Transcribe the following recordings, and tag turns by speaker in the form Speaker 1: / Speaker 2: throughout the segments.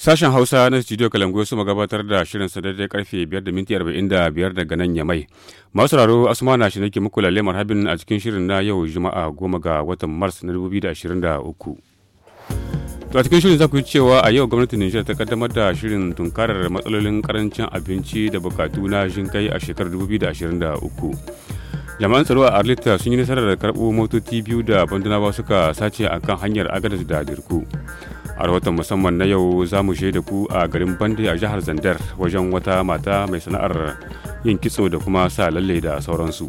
Speaker 1: Sashen Hausa na Studio Kalangoyo su gabatar da shirin sa karfe 5 da minti daga nan Yamai. Masu raro Asma na shi nake muku lalle marhabin a cikin shirin na yau Juma'a 10 ga watan Mars na 2023. To a cikin shirin za ku yi cewa a yau gwamnatin Nijar ta kaddamar da shirin tunkarar matsalolin karancin abinci da bukatu na kai a shekarar 2023. Jami'an tsaro a Arlita sun yi nasarar karɓo motoci biyu da bandunawa suka sace a kan hanyar agadar da dirku. a rahoton musamman na yau za mu da ku a garin bande a jihar zandar wajen wata mata mai sana'ar yin kitso da kuma sa lalle da sauransu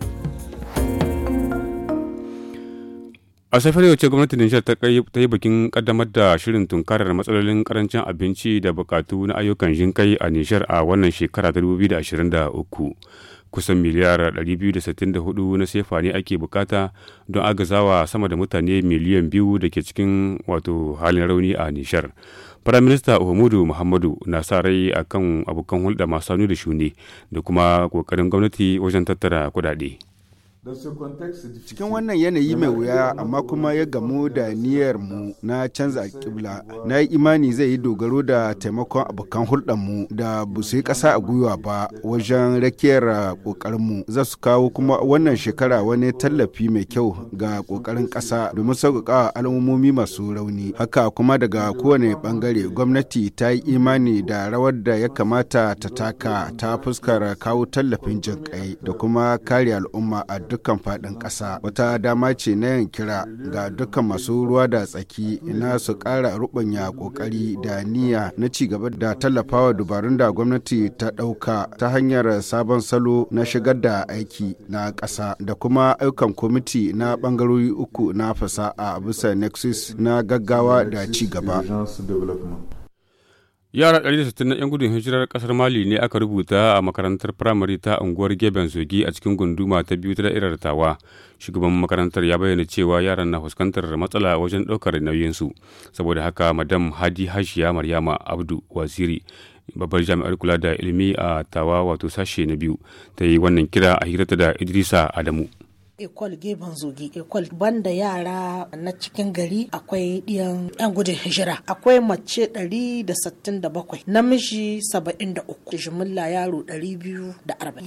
Speaker 1: a safiyar yau ce gwamnatin nijar ta yi bikin kaddamar da shirin tunkarar matsalolin karancin abinci da bukatu na ayyukan jinkai a nijar a wannan shekara 2023 kusan miliyar 264 na sefa ne ake bukata don agazawa sama da mutane miliyan biyu da ke cikin wato halin rauni a nishar firaminista Muhammadu Muhammadu na sa rai akan abokan hulɗa masu hannu da shuni da kuma ƙoƙarin gwamnati wajen tattara kuɗaɗe.
Speaker 2: Cikin wannan yanayi mai wuya amma kuma ya gamu da niyyar mu na canza kibla na yi imani zai yi dogaro da taimakon abokan hulɗarmu da ba su yi ƙasa a gwiwa ba wajen rakiyar ƙoƙarinmu za su kawo kuma wannan shekara wani tallafi mai kyau ga ƙoƙarin ƙasa domin sauƙaƙa al'ummomi masu rauni haka kuma daga kowane ɓangare gwamnati ta yi imani da rawar da ya kamata ta taka ta fuskar kawo tallafin jinƙai da kuma kare al'umma a dukkan faɗin ƙasa wata dama ce na yin kira ga dukkan masu ruwa da tsaki na su ƙara rubanya ƙoƙari da niyya na ci gaba da tallafawa dubarun da gwamnati ta ɗauka ta hanyar sabon salo na shigar da aiki na ƙasa da kuma ayyukan kwamiti na bangarori uku na fasa a bisa nexus na gaggawa da ci gaba.
Speaker 1: Yara 160 na 'yan gudun hijirar kasar Mali ne aka rubuta a makarantar firamare ta unguwar Geben Zogi a cikin gunduma ta biyu ta da'irar Tawa. Shugaban makarantar ya bayyana cewa yaran na fuskantar matsala wajen ɗaukar nauyinsu. Saboda haka Madam Hadi Hashiya Maryama Abdu Waziri babbar jami'ar kula da ilimi a Tawa wato sashe na biyu ta yi wannan kira a hirarta da Idrisa Adamu.
Speaker 3: ekwal gefen zogi ekwal banda yara na cikin gari akwai ɗiyan yan gudun hijira akwai mace 167 namiji 73 jimilla yaro 240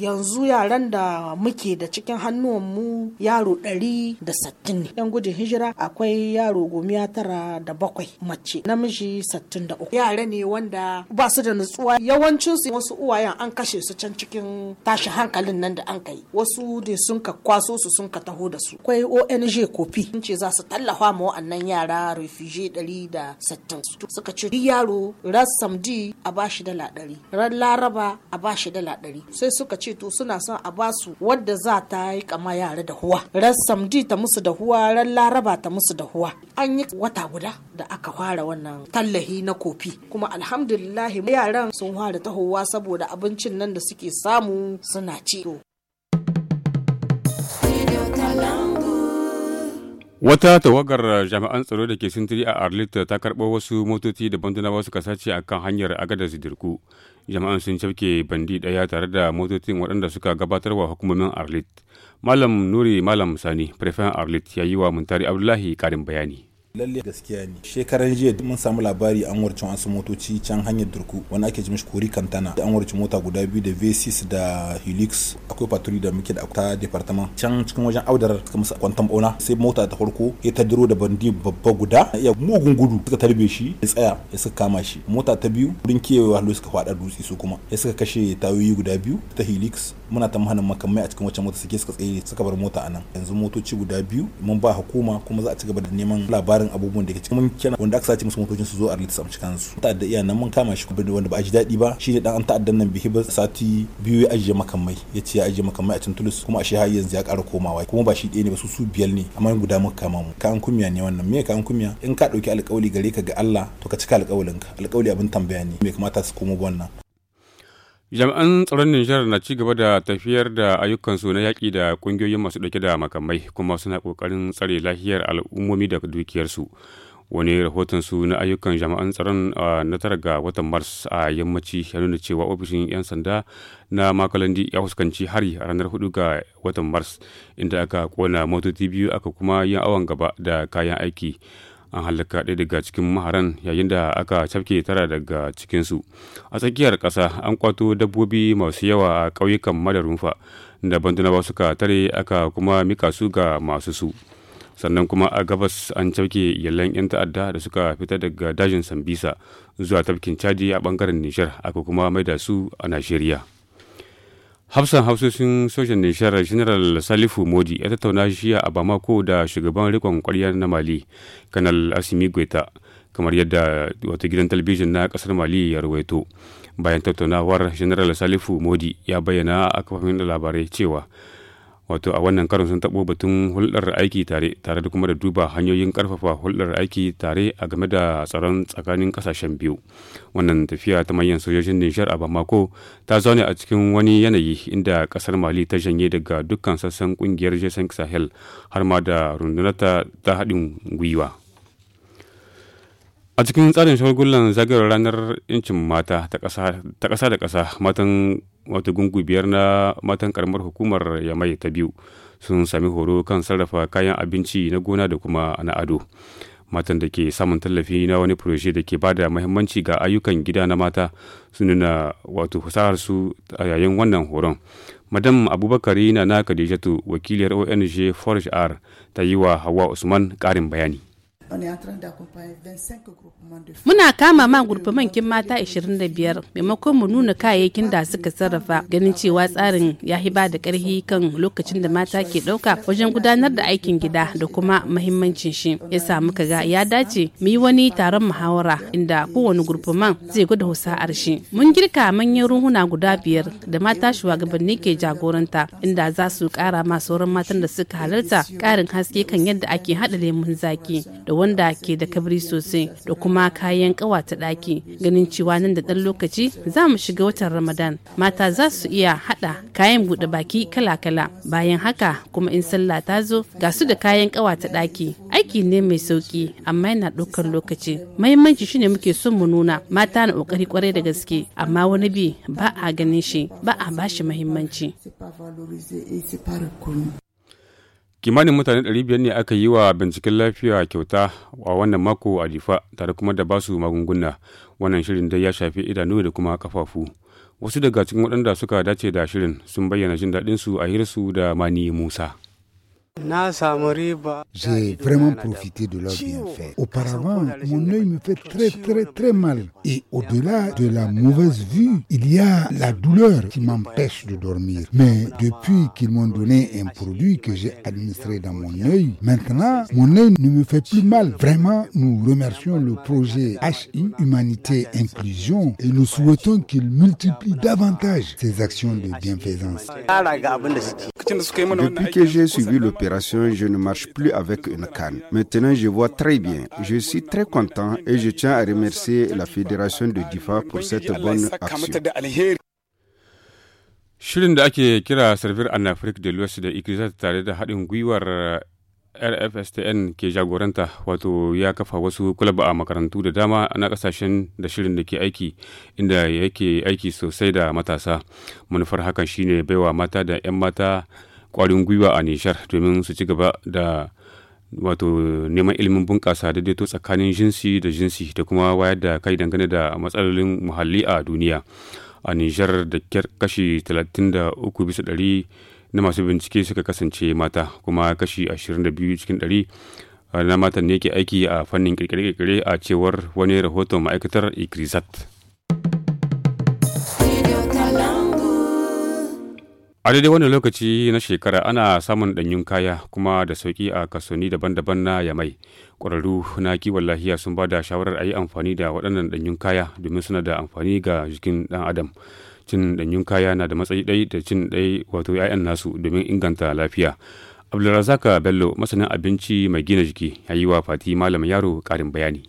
Speaker 3: yanzu yaran da muke da cikin mu yaro 160 ne yan gudun hijira akwai yaro gomiya tara da bakwai mace namiji 63 yara ne wanda ba su da nutsuwa yawancinsu wasu uwayen an kashe su can cikin tashin hankalin nan da an kai wasu da sun ka kwaso su sun sun ka taho da su akwai ONG kofi sun ce za su tallafa ma wa'annan yara refugee ɗari da sittin suka ce yaro rassamdi samdi a shi dala ɗari ran laraba a shi dala ɗari sai suka ce to suna son a ba su. wadda za ta yi kama yara da huwa Ras samdi ta musu da huwa ran laraba ta musu da huwa an yi wata guda da aka fara wannan tallahi na kofi kuma alhamdulillah yaran sun fara tahowa saboda abincin nan da suke samu suna ci
Speaker 1: Wata tawagar jami'an tsaro da ke sintiri a Arlit ta karɓo wasu motoci da bandunawa wasu sace a kan hanyar agada zidirku Jami'an sun cafke bandi ɗaya tare da motocin waɗanda suka gabatar wa hukumomin Arlit. Malam Nuri Malam Sani, prefen Arlit, ya yi wa Muntari Abdullahi karin bayani.
Speaker 4: lalle gaskiya ne shekaran jiya mun samu labari an warce wasu motoci can hanyar durku wani ake jimish kori kantana da an warce mota guda biyu da v6 da helix akwai patrol da muke da ta departament can cikin wajen audar suka musu kwantan bauna sai mota ta farko ya ta diro da bandi babba guda ya mugun gudu suka tarbe shi ya tsaya ya suka kama shi mota ta biyu wurin kewaye wahalo suka faɗa dutse su kuma ya suka kashe tayoyi guda biyu ta helix muna ta mahanin makamai a cikin wacce mota suke suka tsaye suka bar mota anan yanzu motoci guda biyu mun ba hukuma kuma za a ci gaba da neman labarin abubuwan da ke cikin kenan wanda aka sace musu motocin su zo a rilisa cikin su ta'adda iya nan mun kama shi wanda ba a ji daɗi ba shi ne dan an ta'addan nan bihi ba sati biyu ya ajiye makamai ya ce ya ajiye makamai a cikin tulus kuma a shi har yanzu ya ƙara komawa kuma ba shi ɗaya ne ba su su biyar ne amma guda muka kama mu ka an kumya ne wannan me ka an kumiya in ka ɗauki alƙawali gare ka ga Allah to ka cika alƙawalin ka alƙawali abin tambaya ne me kamata su komo wannan
Speaker 1: jami'an tsaron nijar na ci gaba da tafiyar da ayyukansu na yaƙi da ƙungiyoyin masu ɗauke da makamai kuma suna kokarin tsare lahiyar al'ummomi da dukiyarsu wani su na ayyukan jami'an tsaron na tara ga watan mars a yammaci ya nuna cewa ofishin 'yan sanda na makalandi ya fuskanci hari a ranar hudu ga watan mars inda aka kona motoci biyu aka kuma yin awon gaba da kayan aiki an halaka ɗaya daga cikin maharan yayin da aka cafke tara daga cikinsu a tsakiyar ƙasa an kwato dabbobi masu yawa a ƙauyukan madarunfa da bandunawa suka tare aka kuma mika su ga masu su sannan kuma a gabas an cafke yallan 'yan ta'adda da suka fita daga dajin sambisa zuwa tafkin caji a bangaren nishar aka kuma maida su a najeriya hafsan sun sojan nishiyar general salifu modi ya tattauna shi a bamako da shugaban rikon kwarya na mali kanal asimi gweta kamar yadda wata gidan talabijin na kasar mali ya rawaito bayan tattaunawar general salifu modi ya bayyana a kafafin labarai cewa wato a wannan karin sun tabo batun hulɗar aiki tare tare da kuma da duba hanyoyin karfafa hulɗar aiki tare a game da tsaron tsakanin kasashen biyu wannan tafiya ta manyan sojojin nishar a bamako ta zaune a cikin wani yanayi inda kasar mali ta janye daga dukkan sassan kungiyar jason sahel har ma da rundunata ta haɗin gwiwa A cikin tsarin shagulgulan zagayowar ranar 'yancin mata ta ƙasa da ƙasa matan wata gungu biyar na matan karamar hukumar yamai ta biyu sun sami horo kan sarrafa kayan abinci na gona da kuma na ado. Matan da ke samun tallafi na wani furoshe da ke bada mahimmanci ga ayyukan gida na mata su nuna wato fasahar su a yayin wannan horon. Madam abubakar na na Khadijatu wakiliyar ONG forage R ta yi wa Hawa Usman ƙarin bayani.
Speaker 5: Muna kama ma gurfaman kin mata 25 maimakon mu nuna kayayyakin da suka sarrafa ganin cewa tsarin ya hiba da karhi kan lokacin da mata ke dauka wajen gudanar da aikin gida da kuma mahimmancin shi ya samu ga ya dace mu yi wani taron muhawara inda kowane gurfaman zai gwada husa'ar shi. Mun girka manyan ruhuna guda biyar da mata shugabanni ke jagoranta inda za su kara ma sauran matan da suka halarta karin haske kan yadda ake haɗa lemun zaki da wanda ke da kabri sosai da kuma kayan kawa ta ɗaki ganin cewa nan da ɗan lokaci za mu shiga watan ramadan mata za su iya haɗa kayan buɗe baki kala-kala bayan haka kuma in sallah ta zo ga su da kayan ta ɗaki aiki ne mai sauki amma yana ɗaukar lokaci mahimmanci shine muke son mu nuna mata na ƙoƙari kwarai da gaske amma wani bi ba a ganin shi ba a bashi mahimmanci
Speaker 1: kimanin mutane 500 ne aka yi wa binciken lafiya kyauta a wannan mako a difa tare kuma da basu magunguna wannan shirin dai ya shafi idanu da kuma kafafu wasu daga cikin waɗanda suka dace da shirin sun bayyana jin daɗinsu a hirsu da mani musa J'ai vraiment profité de leur bienfait.
Speaker 6: Auparavant, mon œil me fait très très très mal. Et au-delà de la mauvaise vue, il y a la douleur qui m'empêche de dormir. Mais depuis qu'ils m'ont donné un produit que j'ai administré dans mon œil, maintenant, mon œil ne me fait plus mal. Vraiment, nous remercions le projet HI, Humanité Inclusion, et nous souhaitons qu'il multiplie davantage ses actions de bienfaisance.
Speaker 1: Depuis que
Speaker 2: j'ai suivi le opération, je ne marche plus avec une canne. Maintenant, je vois très bien. Je suis très content et je tiens à remercier la Fédération de DIFA pour cette bonne
Speaker 1: action. Shirin da ake kira Servir an Afrique de l'Ouest da Ikirisa tare da haɗin gwiwar eh, RFSTN ke jagoranta wato ya kafa wasu kulaba a makarantu da dama na kasashen da shirin da aiki inda yake aiki sosai da matasa. Manufar hakan shine baiwa mata da 'yan mata kwarin gwiwa a nishar domin su ci gaba da wato neman ilimin bunƙasa daidaito tsakanin jinsi da jinsi da kuma wayar da kai dangane da matsalolin muhalli a duniya a nishar da kashi 33 bisa ɗari na masu bincike suka kasance mata kuma kashi 22 cikin ɗari eh, na matan ne ke aiki a fannin kirkire-kirkire a cewar wani rahoton ma'aikatar ikrisat a daidai wani lokaci na shekara ana samun ɗanyun kaya kuma da sauki a kasoni daban-daban na yamai ƙwararru na kiwon lahiya sun ba da shawarar a yi amfani da waɗannan ɗanyun kaya domin suna da amfani ga jikin ɗan adam cin ɗanyun kaya na da matsayi ɗai da cin ɗai wato 'ya'yan nasu domin inganta lafiya abdulrazaka bello masanin abinci mai gina jiki ya yi wa fati malam yaro ƙarin bayani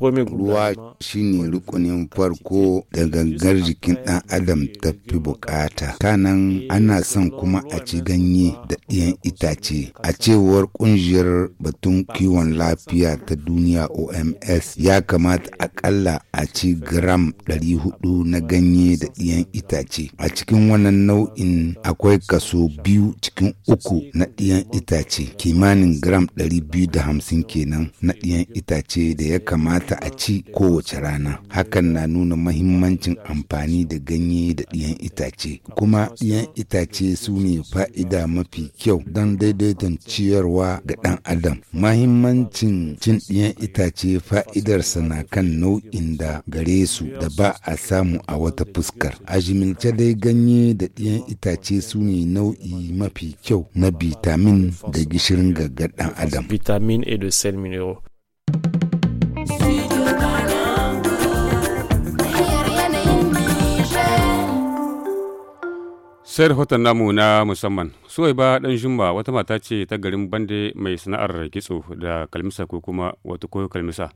Speaker 1: ruwa
Speaker 6: shine rukunin farko da gangar jikin ɗan adam ta fi bukata kanan ana son kuma a ci ganye da ɗiyan itace a cewar ƙungiyar batun kiwon lafiya ta duniya oms ya kamata akalla a ci gram 400 na ganye da ɗiyan itace a cikin wannan nau'in akwai kaso biyu cikin uku na ɗiyan itace kimanin gram 250 kenan na ɗiyan itace da ya kamata ta a ci kowace rana. Hakan na nuna mahimmancin amfani da ganye da ɗiyan itace. Kuma ɗiyan itace su ne fa'ida mafi kyau don daidaiton ciyarwa ga ɗan adam. Mahimmancin cin ɗiyan itace fa'idarsa na kan nau'in da gare su da ba a samu a wata fuskar. A jimilce dai ganye da ɗiyan itace su ne nau'i mafi kyau na bitamin da gishirin ga ɗan adam.
Speaker 7: Vitamin
Speaker 1: et de sel minéraux. sayar hoton namu na musamman suwaiba dan jumba wata mata ce ta garin bande mai sana'ar kitso da kalmisa ko kuma wata ko kalmisa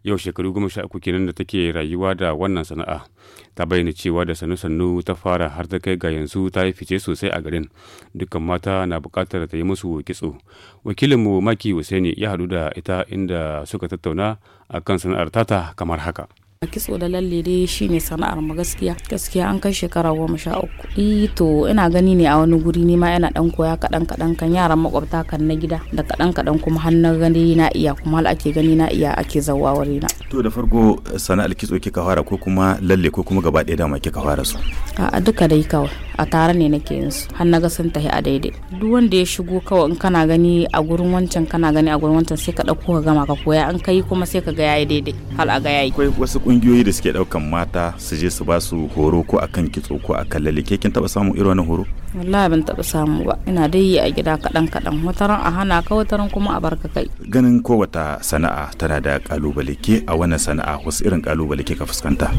Speaker 1: yau shekaru goma sha uku kenan da take rayuwa da wannan sana'a ta bayyana cewa da sannu sannu ta fara har ta kai ga yanzu ta yi fice sosai a garin dukkan mata na bukatar ta yi musu kitso wakilinmu maki ne ya haɗu da ita inda suka tattauna akan sana'ar tata kamar haka
Speaker 8: kitso da lalle dai shine sana'ar mu gaskiya gaskiya an kai shekara goma sha uku ito e, to ina gani ne a wani guri ni ma yana dan koya kadan kadan kan yaran makwabta kan na gida da kadan kadan kuma hannun gani na iya kuma hal ake gani na iya ake zawa wuri na
Speaker 7: to da farko sana'ar kitso kika fara ko kuma lalle ko kuma gaba ɗaya dama kika fara su
Speaker 8: a duka dai kawai a tare ne nake yin su har naga sun tafi a daidai duk wanda ya shigo kawai in kana gani a gurin wancan kana gani a gurin wancan sai ka dauko ka gama ka koya an kai kuma sai ka ga yayi daidai
Speaker 7: hal a ga yayi kungiyoyi da suke daukan mata su je su ba su horo ko akan kitso ko akan lalle kin taba samu irin wannan horo
Speaker 8: wallahi ban taba samu ba ina dai yi a gida kadan kadan wataran a hana ka wataran kuma a barka kai
Speaker 7: ganin ko wata sana'a tana da kalubale ke a wannan sana'a wasu irin kalubale ke ka fuskanta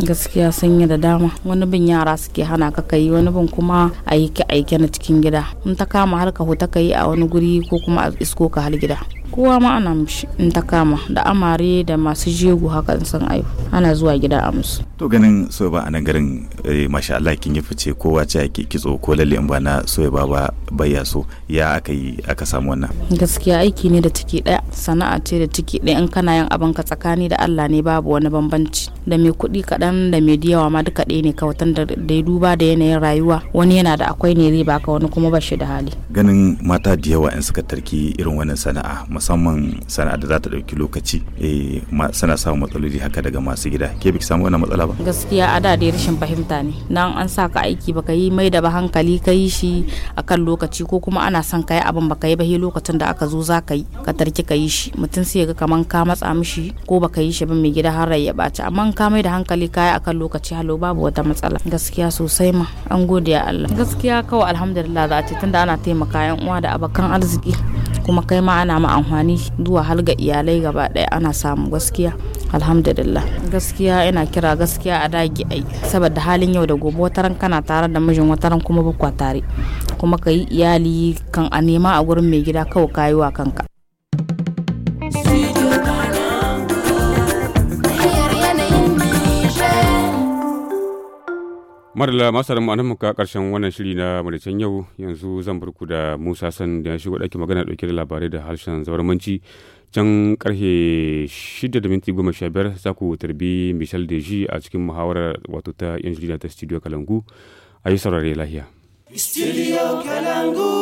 Speaker 8: gaskiya sun yi da dama wani bin yara suke hana ka kai wani bin kuma aiki aike na cikin gida Mun ta kama har ka huta kai a wani guri ko kuma a isko ka har gida kowa ma ana mishi in ta kama da amare da masu jego haka in san aihu ana zuwa gida a musu
Speaker 7: to ganin soya ba a nan garin eh, masha Allah kin yi fice kowa ce ake kitso ko lalle in ba na soya ba ba bayya so ya aka yi aka samu wannan
Speaker 8: gaskiya aiki ne da ciki daya sana'a ce da ciki ɗaya. in kana yin abin ka tsakani da Allah ne babu wani bambanci da mai kuɗi kaɗan da mai diyawa ma duka ɗaya ne kawatan da dai duba da yanayin rayuwa wani yana da akwai ne riba ka wani kuma ba shi da hali
Speaker 7: ganin mata da yawa in suka tarki irin wannan sana'a musamman sana'a da za ta ɗauki lokaci eh, sana samun matsaloli haka daga masu gida ke biki samu wani matsala ba
Speaker 8: gaskiya a da dai rashin fahimta ne nan an sa ka aiki ba ka yi mai da ba hankali ka yi shi a kan lokaci ko kuma ana son ka yi abin ka yi ba he lokacin da aka zo za ka yi ka tarki ka yi shi mutum sai ga kamar ka matsa mishi ko ba ka yi shi ba mai gida har ya ɓaci amma ka mai da hankali ka yi a kan lokaci halo babu wata matsala gaskiya sosai ma an gode ya Allah gaskiya kawai alhamdulillah za a ce tunda ana taimaka yan uwa da abokan arziki kuma kai ma ana ma amfani zuwa har ga iyalai gaba ɗaya ana samu gaskiya alhamdulillah gaskiya ina kira gaskiya a dagi ai saboda halin yau da gobe wataran kana tare da mijin wataran kuma bakwa tare kuma ka iyali kan a nema a gurin mai gida kawai kayuwa kanka
Speaker 1: marla masu mu anan muka karshen wannan shiri na madacin yau yanzu zan burku da musa san da ya shigo daki magana ɗauke da labarai da harshen zauramanci can karfe 6:15 za ku tarbi michel deji a cikin muhawarar wato ta yan jarida ta studio kalangu a yi saurare lahiya
Speaker 8: studio kalangu